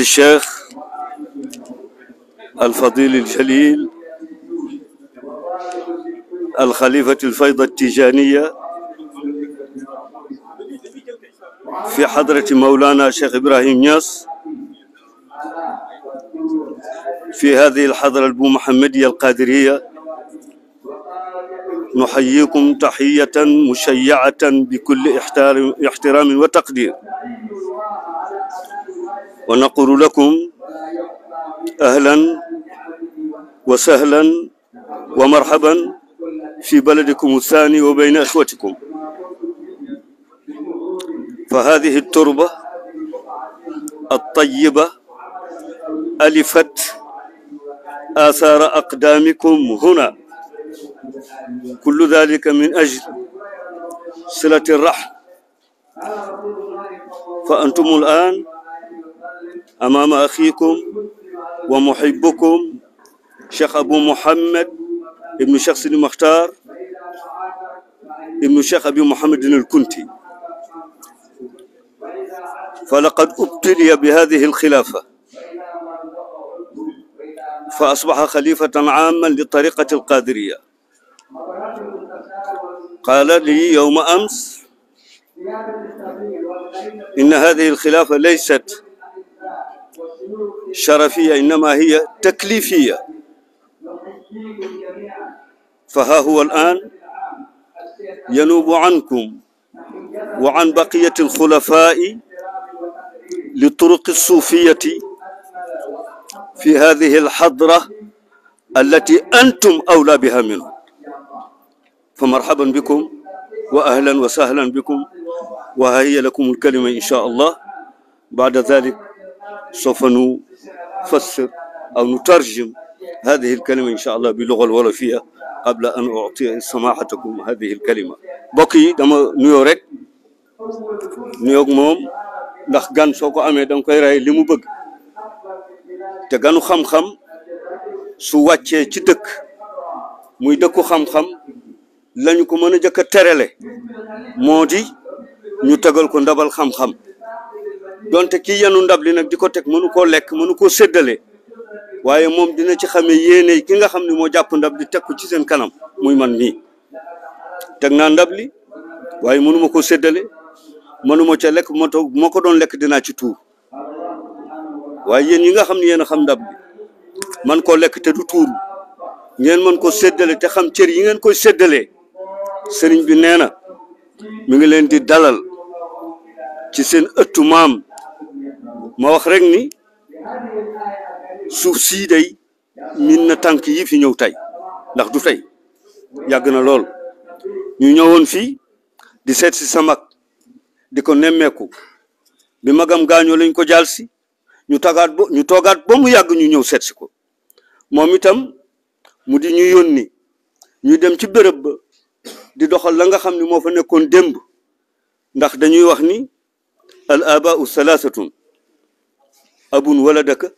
الشيخ الفضيل الجليل الخليفة الفيضة التيجانية في حضرة مولانا شيخ إبراهيم نياس في هذه الحضرة البومحمدية القادرية نحييكم تحية مشيعة بكل احترام وتقدير ونقول لكم أهلا وسهلا ومرحبا في بلدكم الثاني وبين إخوتكم فهذه التربة الطيبة ألفت آثار أقدامكم هنا كل ذلك من أجل صلة الرحم فأنتم الآن أمام أخيكم ومحبكم شيخ أبو محمد ابن شخص المختار ابن شيخ أبي محمد الكنتي فلقد ابتلي بهذه الخلافة فأصبح خليفة عاما للطريقة القادرية قال لي يوم أمس إن هذه الخلافة ليست شرفية إنما هي تكليفية فها هو الآن ينوب عنكم وعن بقية الخلفاء لطرق الصوفية في هذه الحضرة التي أنتم أولى بها منه فمرحبا بكم وأهلا وسهلا بكم وهي لكم الكلمة إن شاء الله بعد ذلك سوف نفسر أو نترجم هذه الكلمة إن شاء الله باللغة الولفية قبل أن أعطي سماحتكم هذه الكلمة بقي دما نيورك نيوك موم ndax gan soo ko amee danga koy rey li mu bëgg te ganu xam-xam su wàccee ci dëkk muy dëkku xam-xam lañu ko mën a jëkk a terale moo di ñu tegal ko ndabal xam-xam donte kii yanu ndab li nag di ko teg mënu koo lekk mënu koo seddale waaye moom dina ci xamee yéene ki nga xam ne moo jàpp ndab li teg ci seen kanam muy man mii teg naa ndab li waaye mënuma koo seddale mënuma ca lekk moo tax moo ko doon lekk dinaa ci tuur waaye yéen yi nga xam ne yéen xam ndab man koo lekk te du tuur ngeen mën ko séddale te xam cër yi ngeen koy séddalee sëriñ bi nee na mi ngi leen di dalal ci seen ëttu maam ma wax rek ni suuf sii day min na tànk yi fi ñëw tey ndax du tey yàgg na lool ñu ñëwoon fii di seet si sa di ko nemmeeku bi magam gaañoo lañ ko jaal si ñu tagaat ba ñu toogaat ba mu yàgg ñu ñëw seet si ko moom itam mu di ñu yónni ñu dem ci béréb ba di doxal la nga xam ni moo fa nekkoon démb ndax dañuy wax ni al abaau salaasatun abun waladaka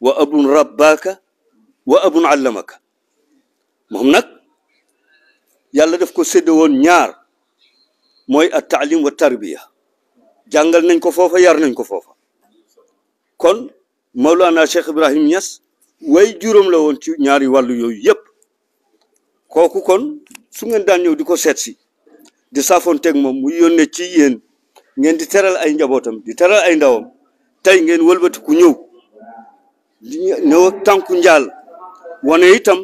wa abun rabbaaka wa abun allamaka moom nag yàlla def ko sédde woon ñaar mooy at taalim wa tarbiya jàngal nañ ko foofa yar nañ ko foofa kon Mawlana Cheikh Ibrahim Niass way juróom la woon ci ñaari wàllu yooyu yëpp kooku kon su ngeen daan ñëw di ko seet si di saafoonteeg moom mu yónnee ci yéen ngeen di teral ay njabootam di teral ay ndawam tey ngeen wëlbatiku ñëw ñëw ak tànku njaal wane itam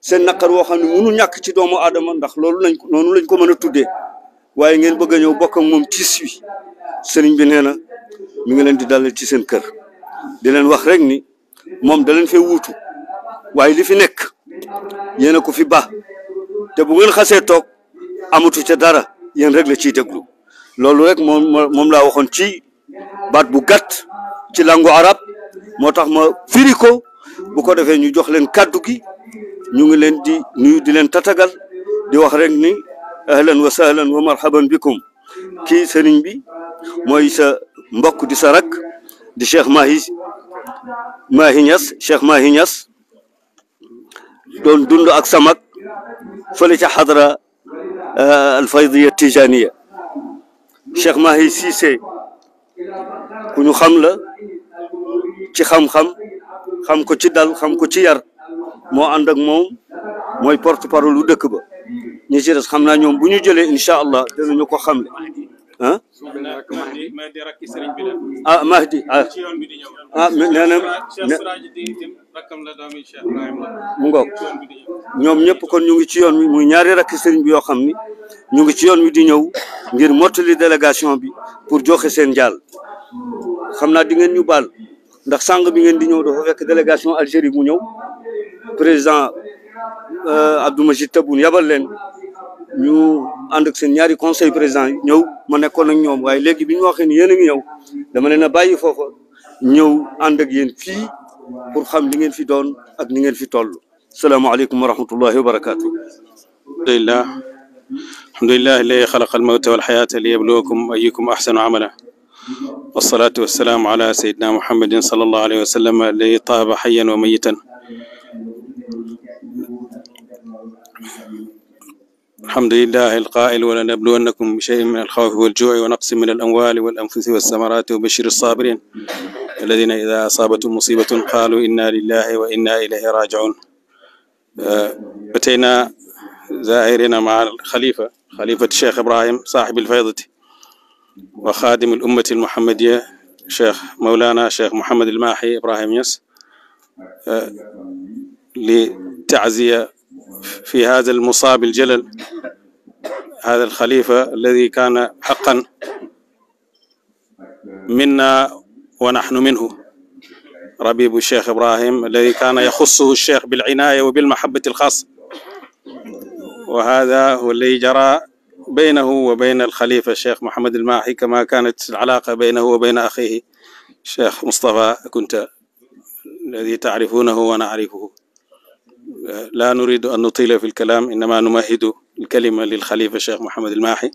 seen naqar woo xam ne munu ñàkk ci doomu adama ndax loolu lañ noonu lañ ko mën a tuddee waaye ngeen bëgg a ñëw bokk ak moom tiis wi sëriñ bi nee na mi ngi leen di dalal ci seen kër di leen wax rek ni moom da leen fee wuutu waaye li fi nekk yéen a ko fi ba te bu ngeen xasee toog amatu ca dara yéen rek la ciy déglu loolu rek moom moom laa waxoon ci baat bu gàtt ci langu arab moo tax ma firiko bu ko defee ñu jox leen kàddu ki ñu ngi leen di nuyu di leen tatagal di wax rek ni ahlan wa sahlan wa marhaban bikum kii sëriñ bi mooy sa mbokk di sa rak di Cheikh Mahi Mahi Niass Cheikh Mahi Niass doon dund ak samak fële ca xadra eh, alfaydiya tijaniya Cheikh Mahi Cissé ku ñu xam la ci xam-xam xam ko ci dal xam ko ci yar moo ànd ak moom mooy porte parole lu dëkk ba ñi ci xam naa ñoom bu ñu jëlee incha allah danañu ko xamle ah. ah Mahdi ah ah nee na mu ngoog ñoom ñëpp kon ñu ngi ci yoon wi muy ñaari rakki sëriñ bi yoo xam ni ñu ngi ci yoon wi di ñëw ngir mottali délégation bi pour joxe seen jaal xam naa di ngeen ñu baal ndax sàng bi ngeen di ñëw dafa fekk délégation Algérie mu ñëw président euh, Abdou Majid Taboun yabal leen. ñu ànd ak seen ñaari conseil président yi ñëw ma nekkoon ak ñoom waaye léegi bi ñu waxee ni dama leen a bàyyi foofa ñëw ànd ak yéen fii pour xam li ngeen fi doon ak ni ngeen fi toll salaamaaleykum wa rahmatullahi wa barakaatu. alhamdulillah alhamdulillah alladi xalaqa almawta walxayaata liyabluwakum ayukum axsanu amala wasalaatu wasalaamu ala sayidina muhammadin salallahu alayhi wa sallam alladi taaba xayan wa mayitan alhamdulillahi alqaa'il wa lanabluwannakum bi shay'in min alxawfi waljuu'i wa naqsin min alamwaali walanfusi walsamaraati wa bashiri assaabiriin alladina ida asaabathum musibatun qaalu inna lillahi wa inna ilayhi raaji'uun أتينا زائرين مع الخليفة خليفة الشيخ إبراهيم صاحب الفيضة وخادم الأمة المحمدية شيخ مولانا شيخ محمد الماحي إبراهيم يس لتعزية في هذا المصاب الجلل هذا الخليفة الذي كان حقا منا ونحن منه ربيب الشيخ إبراهيم الذي كان يخصه الشيخ بالعناية وبالمحبة الخاصة وهذا هو الذي جرى بينه وبين الخليفة الشيخ محمد الماحي كما كانت العلاقة بينه وبين أخيه الشيخ مصطفى كنت الذي تعرفونه ونعرفه laa nuridu an nutila fi lkalaam innama numahidu lkalima lil xalifa cheikh Mouhamed El Mahi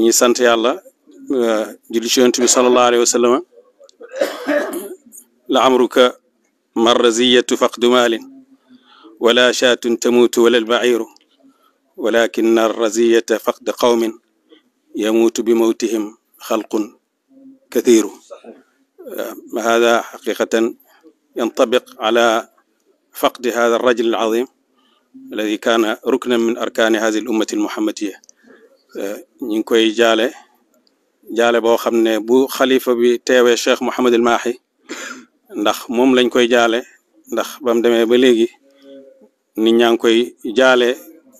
ñi sant yàlla julli ci yonent bi sallallahu alayhi wa sallam la amruka marraziyatu faqdu maalin wala chaatun tamuutu wala albairu walakin arraziyata faqd qawmin yamuutu bi mawtihim xalqun kathiru hada xaqiqatan yantabiq ala faqdi hada arrajul alazim alladi kaana ruknan min arkaani hadi al ummati al muhammadiya ñu ngi koy jaale jaale boo xam ne bu xalifa bi teewee cheikh Mouhamed El Mahi ndax moom lañ koy jaale ndax bam demee ba léegi nit ñaa ngi koy jaale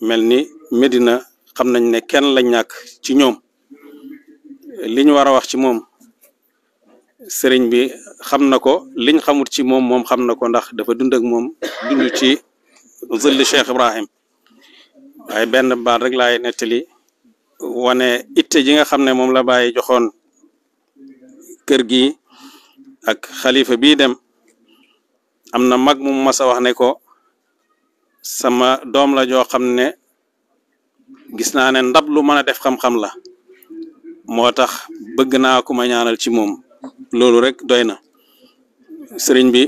mel ni Medina xam nañ ne kenn lañ ñàkk ci ñoom liñ war a wax ci moom sëriñ bi xam na ko liñ xamut ci moom moom xam na ko ndax dafa dund ak moom ci zëlli Cheikh Ibrahim waaye benn baat rek laay nettali wane itte ji nga xam ne moom la bàyyi joxoon kër gi ak xalifa bii dem am na mag mu mas a ko sama doom la joo xam ne gis naa ne ndab lu mën a def xam-xam la moo tax bëgg naa ku ma ñaanal ci moom loolu rek doy na sëriñ bi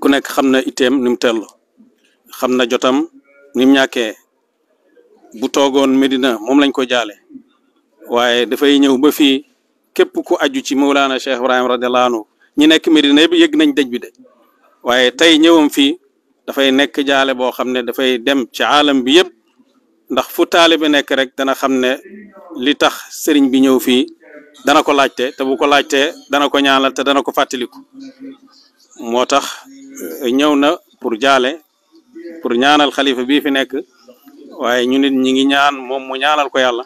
ku nekk xam na itteem ni mu xam na jotam ni mu ñàkkee bu toogoon Medina moom lañ ko jaale waaye dafay ñëw ba fii képp ku aju ci Mawlana Cheikh Ibrahim radiyallahu anhu ñi nekk Medina yëpp yëg nañ dej bi de waaye tey ñëwam fii dafay nekk jaale boo xam ne dafay dem ci alam bi yëpp ndax fu taale taalibe nekk rek dana xam ne li tax sëriñ bi ñëw fii dana ko laajte te bu ko laajtee dana ko ñaanal te dana ko fàttaliku moo tax eh, ñëw na pour jaale pour ñaanal xalifa bii fi nekk waaye ñu nit ñi ngi ñaan moom mu ñaanal ko yàlla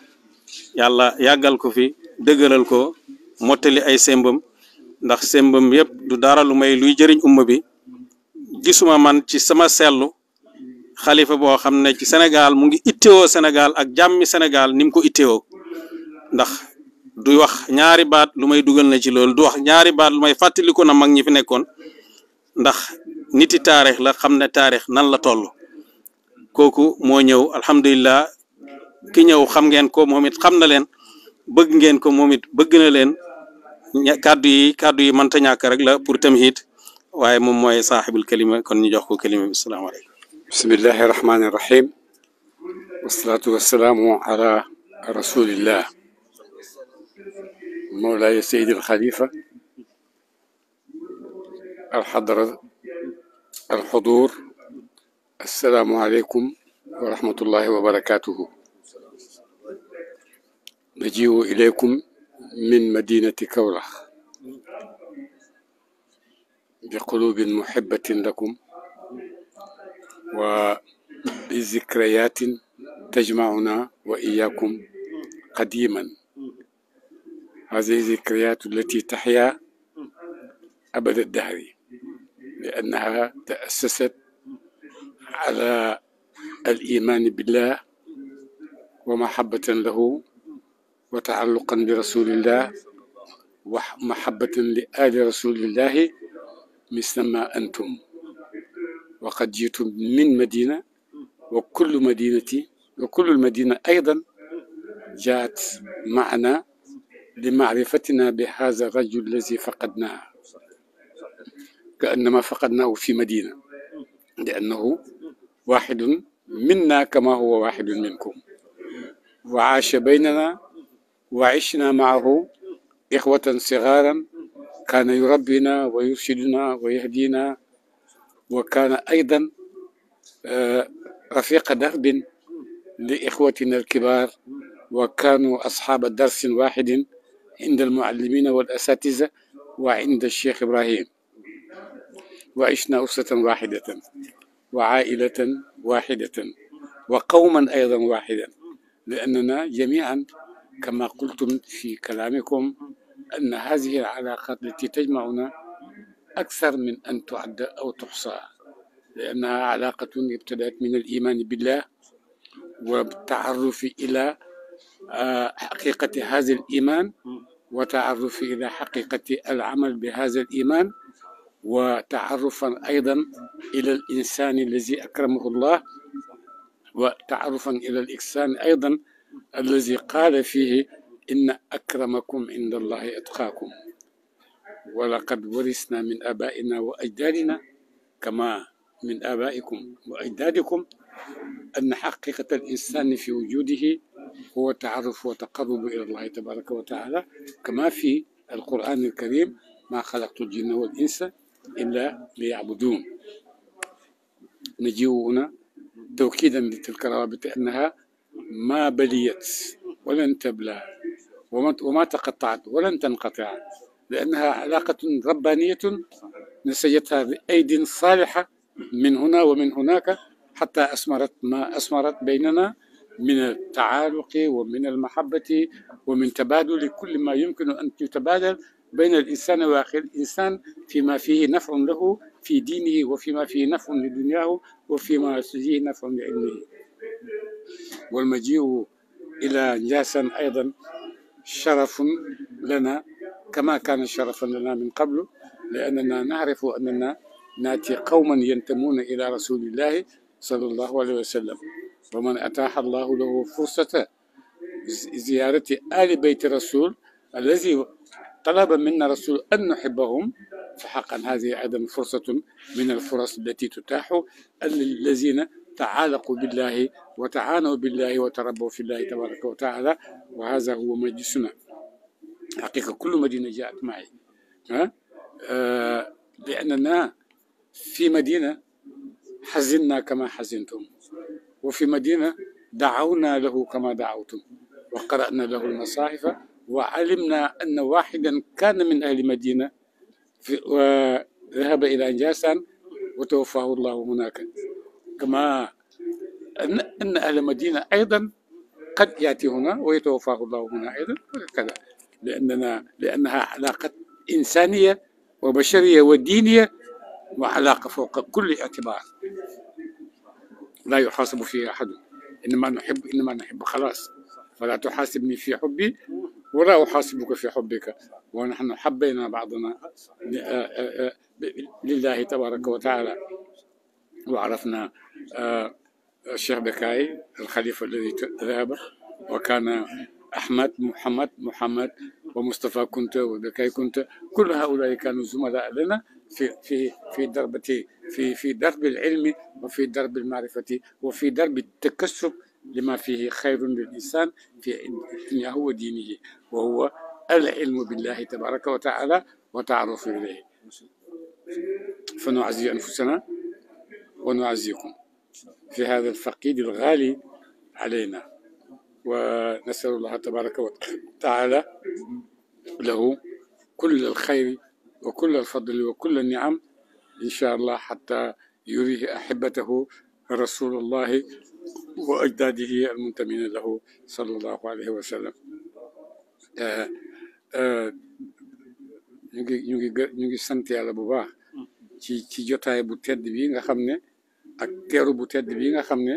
yàlla yàggal ko fi dëgëral ko mottali ay sembam ndax sembam yëpp du dara lu may luy jëriñ umma bi gisuma man ci sama sellu xalifa boo xam ne ci Sénégal mu ngi ittewoo senegal ak jàmmi Sénégal ni mu ko ittewoo ndax du wax ñaari baat lu may dugal na ci loolu du wax ñaari baat lu may fàttaliku na mag ñi fi nekkoon ndax niti taarix la xam ne taarix nan la toll kooku moo ñëw alhamdulillah ki ñëw xam ngeen ko moom it xam na leen bëgg ngeen ko moom it bëgg na leen kàddu yi kàddu yi mënta ñàkk rek la pour tamhid waaye moom mooy saaxibul kalima kon ñu jox ko kalima bi salaamaaleykum bismillahi rahmaani rahim wasalaatu wasalaamu ala rasulillah مولاي السيد الخليفة الحضرة الحضور السلام عليكم ورحمة الله وبركاته نجيء إليكم من مدينة كولة بقلوب محبة لكم وبذكريات تجمعنا وإياكم قديما هذه ذكريات التي تحيا أبد الدهر لأنها تأسست على الإيمان بالله ومحبة له وتعلقا برسول الله ومحبة لآل رسول الله مثلما أنتم وقد جئتم من مدينة وكل مدينة وكل المدينة أيضا جاءت معنا لمعرفتنا بهذا الرجل الذي فقدناه كأنما فقدناه في مدينة لأنه واحد منا كما هو واحد منكم وعاش بيننا وعشنا معه إخوة صغارا كان يربينا ويرشدنا ويهدينا وكان أيضا رفيق درب لإخوتنا الكبار وكانوا أصحاب درس واحد عند المعلمين والأساتذة وعند الشيخ إبراهيم وعشنا أسرة واحدة وعائلة واحدة وقوما أيضا واحدا لأننا جميعا كما قلتم في كلامكم أن هذه العلاقات التي تجمعنا أكثر من أن تعد أو تحصى لأنها علاقة ابتدأت من الإيمان بالله والتعرف إلى xaqiqati haza al iman wa taarufi ila xaqiqati al amal bi haza al iman wa taarufan aydan ila al insani allazi akramahu llah wa taarufan ila al insani aydan allazi qaala fihi inna akramakum inda allahi atqaakum ولقد ورثنا من آبائنا وأجدادنا كما من آبائكم وأجدادكم أن حقيقة الإنسان في وجوده هو التعرف وتقرب إلى الله تبارك وتعالى كما في القرآن الكريم ما خلقت الجن والإنس إلا ليعبدون نجيء هنا توكيدا لتلك الروابط أنها ما بليت ولن تبلى وما تقطعت ولن تنقطع لأنها علاقة ربانية نسجتها بأيد صالحة من هنا ومن هناك حتى أثمرت ما أثمرت بيننا من التعارق ومن المحبة ومن تبادل كل ما يمكن أن يتبادل بين الإنسان وآخر الإنسان فيما فيه نفع له في دينه وفيما فيه نفع لدنياه وفيما فيه نفع لعلمه والمجيء إلى نجاسا أيضا شرف لنا كما كان شرفا لنا من قبل لأننا نعرف أننا ناتي قوما ينتمون إلى رسول الله sallallahu alayhi wa sallam wa man ataaha allahu lahu fursata ziyarati ali bayti rasul allazi talaba minna rasul an nuhibbahum fa haqqan hadhihi aidan fursatun min alfuras allati tutaahu lillazina taaalaqu billahi wa taanaw billahi wa tarabbaw fillahi tabaraka wa taala wa hadha huwa majlisuna حقيقة كل مدينة جاءت معي ها؟ آه لأننا في مدينة حزنا كما حزنتم وفي مدينة دعونا له كما دعوتم وقرأنا له المصاحف وعلمنا أن واحدا كان من أهل مدينة وذهب إلى أنجاسان وتوفاه الله هناك كما أن أهل مدينة أيضا قد يأتي هنا ويتوفاه الله هنا أيضا وهكذا لأننا لأنها علاقة إنسانية وبشرية ودينية وعلاقة فوق كل اعتبار لا يحاسب فيها أحد إنما نحب إنما نحب خلاص فلا تحاسبني في حبي ولا أحاسبك في حبك ونحن حبينا بعضنا لله تبارك وتعالى وعرفنا الشيخ بكاي الخليفة الذي ذهب وكان أحمد محمد محمد ومصطفى كنت وبكاي كنت كل هؤلاء كانوا زملاء لنا في في في دربة في في درب العلم وفي درب المعرفة وفي درب التكسب لما فيه خير للإنسان في دنياه ودينه وهو العلم بالله تبارك وتعالى وتعرف إليه فنعزي أنفسنا ونعزيكم في هذا الفقيد الغالي علينا ونسأل الله تبارك وتعالى له كل الخير wa kulla alfadli wa kulla niam incha allah xata yurihi ahibatahu rasulullahi wa ajdaadihi almuntamina lahu sallallahu alayhi wa sallam ñu ngi ñu ngi ñu ngi sant yàlla bu baax ci ci jotaay bu tedd bi nga xam ne ak teeru bu tedd bi nga xam ne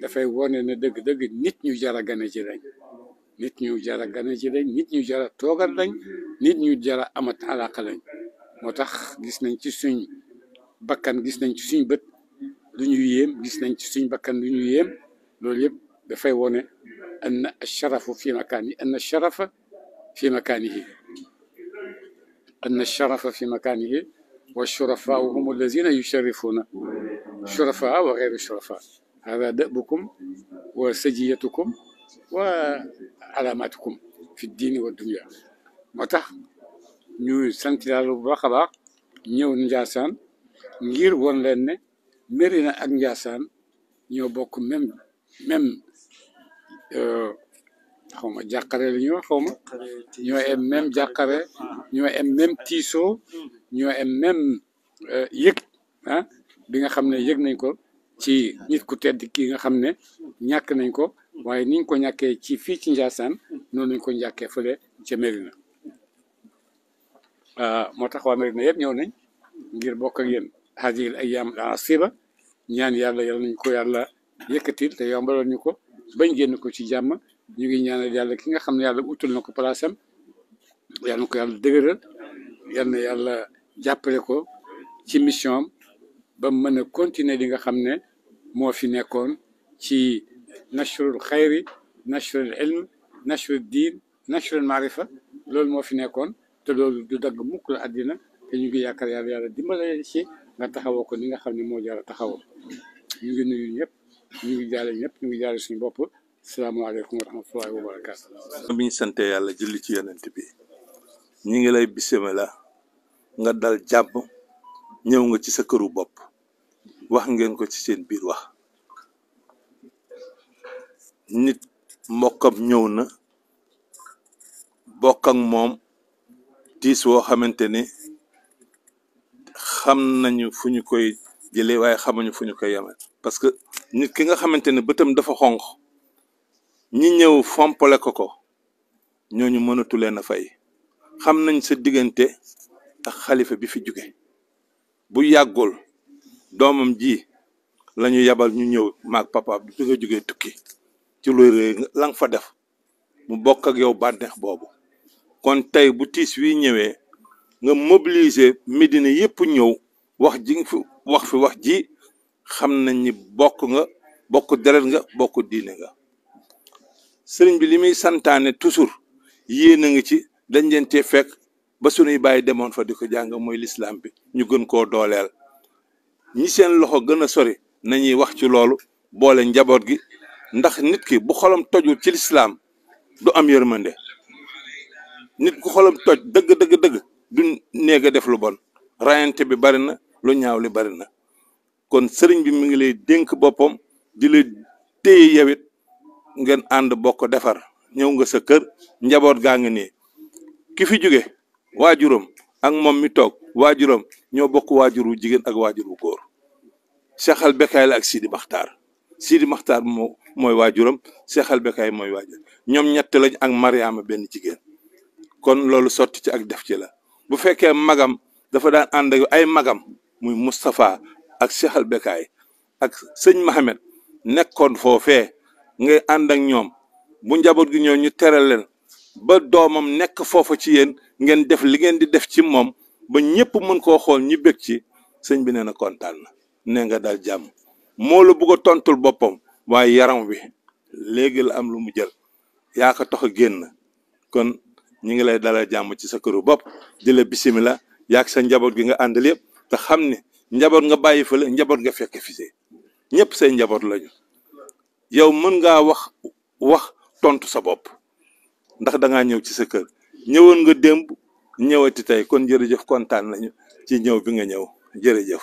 dafay wone ne dëgg-dëgg nit ñu jar a gane ci nit ñu jar a gane nit ñu jar a toogal lañ nit ñu jar a amat alaaka lañ moo tax gis nañ ci suñ bakkan gis nañ ci suñ bët lu ñu gis nañ ci suñ bakkan lu ñu yéem loolu yëpp dafay wone anna sharafu fi makaani anna sharafa fi makaanihi anna sharafa fi makaanihi wa shurafa hum allazina yusharifuuna shurafa wa gayru shurafa hada dabukum wa sajiyatukum alaamatikum fi diini wa dunya moo tax ñuy sant yàlla bu baax a ñëw Njaasaan ngir won leen ne Médina ak Njaasaan ñoo bokk même même euh, xaw ma jàqare la ñuy wax xaw ma ñoo em même jàqare ñoo em même tiisoo ñoo em même euh, yëg ah, bi nga xam ne yëg nañ ko ci nit ku tedd kii nga xam ne ñàkk nañ ko waaye niñ ko ñàkkee ci fii ci Ndiassane noonu ñu ko ñàkkee fële ca Mérina ah, moo tax waa Mérina yëpp ñëw nañ ngir bokk ak yéen haadihil ayyaam asiba ñaan yàlla yal nañ ko yàlla yëkkatil te yombaloon ñu ko bañ génn ko ci jàmm ñu ngi ñaanal yàlla ki nga xam ne yàlla utul na ko palaasam yal na ko yàlla dëgëral yàlla jàppale ko ci mission am ba mën a continuer li nga xam ne moo fi nekkoon ci. nashrul xayri nashrul ilm nashrul diin nashrul maarifa loolu moo fi nekkoon te loolu du dagg mukk la àddina te ñu ngi yaakaar yàlla yàlla dimbale ci nga taxawoo ko ni nga xam ne moo jar a taxawoo ñu ngi nuyu ñëpp ñu ngi jaale ñëpp ñu ngi jaale suñu bopp salaamu wa rahmatullahi wa barakaatu. bi ñu sante yàlla julli ci yonent bi ñu ngi lay bisimilah nga dal jàmm ñëw nga ci sa këru bopp wax ngeen ko ci seen biir wax. nit mbokkam ñëw na bokk ak moom diis woo xamante ne xam nañu fu ñu koy jële waaye xamuñu fu ñu koy yemee parce que nit ki nga xamante ne bëtam dafa xonq ñi ñëw fompale ko ko ñooñu mënatu leen a fay xam nañ sa diggante ak xalifa bi fi jóge bu yàggul doomam ji lañu yabal ñu ñëw maag papa bi nga jógee tukki ci luy fa def mu bokk ak yow bànneex boobu kon tey bu tiis wi ñëwee nga mobiliser Médina yëpp ñëw wax ji fi wax fi wax ji xam nañ ni bokk nga bokk deret nga bokk diine nga sëriñ bi li muy santaane toujours yéen a ngi ci dañ leen fekk ba sunuy bàyyi demoon fa di ko jàng mooy lislaam bi ñu gën koo dooleel ñi seen loxo gën a sori nañuy wax ci loolu boole njaboot gi ndax nit ki bu xolom tojul ci lislaam du am yërmande nit ku xolam toj dëgg dëgg dëgg du néeg a def lu bon rayante bi bari na lu ñaaw li bari na kon sëriñ bi mi ngi lay dénk boppam di la téye yawit ngeen ànd bokk defar ñëw nga sa kër njaboot gaa ngi nii ki fi jóge waajuram ak moom mi toog waajuram ñoo bokk waajur wu jigéen ak waajur wu góor Cheikh Al Bekkay la ak Sidi Maxtaar Sidi Maxtaar moo mooy waajuram Cheikh Albekaay mooy waajur ñoom ñett la ak Mariama benn jigéen kon loolu sotti ci ak def ci la bu fekkee magam dafa daan ànd ay magam muy Moustapha ak Cheikh Albekaay ak sëñ mahamed nekkoon foofee ngay ànd ak ñoom bu njaboot gi ñëw ñu teral leen ba doomam nekk foofa ci yéen ngeen def li ngeen di def ci moom ba ñëpp mën koo xool ñu bég ci sëñ bi nee na kontaan na nee nga daal jàmm moo la tontul boppam waaye yaram wi léegi la am lu mu jël yaa ko tax a génn kon ñu ngi lay dala jàmm ci sa këru bopp di la bisimila yaag sa njaboot gi nga àndal yëpp te xam ni njaboot nga bàyyi fële njaboot nga fekk fi see ñëpp say njaboot lañu yow mën ngaa wax wax tontu sa bopp ndax da ñëw ci sa kër ñëwoon nga démb ñëwati tey kon njërëjëf kontaan nañu ci ñëw bi nga ñëw jërëjëf.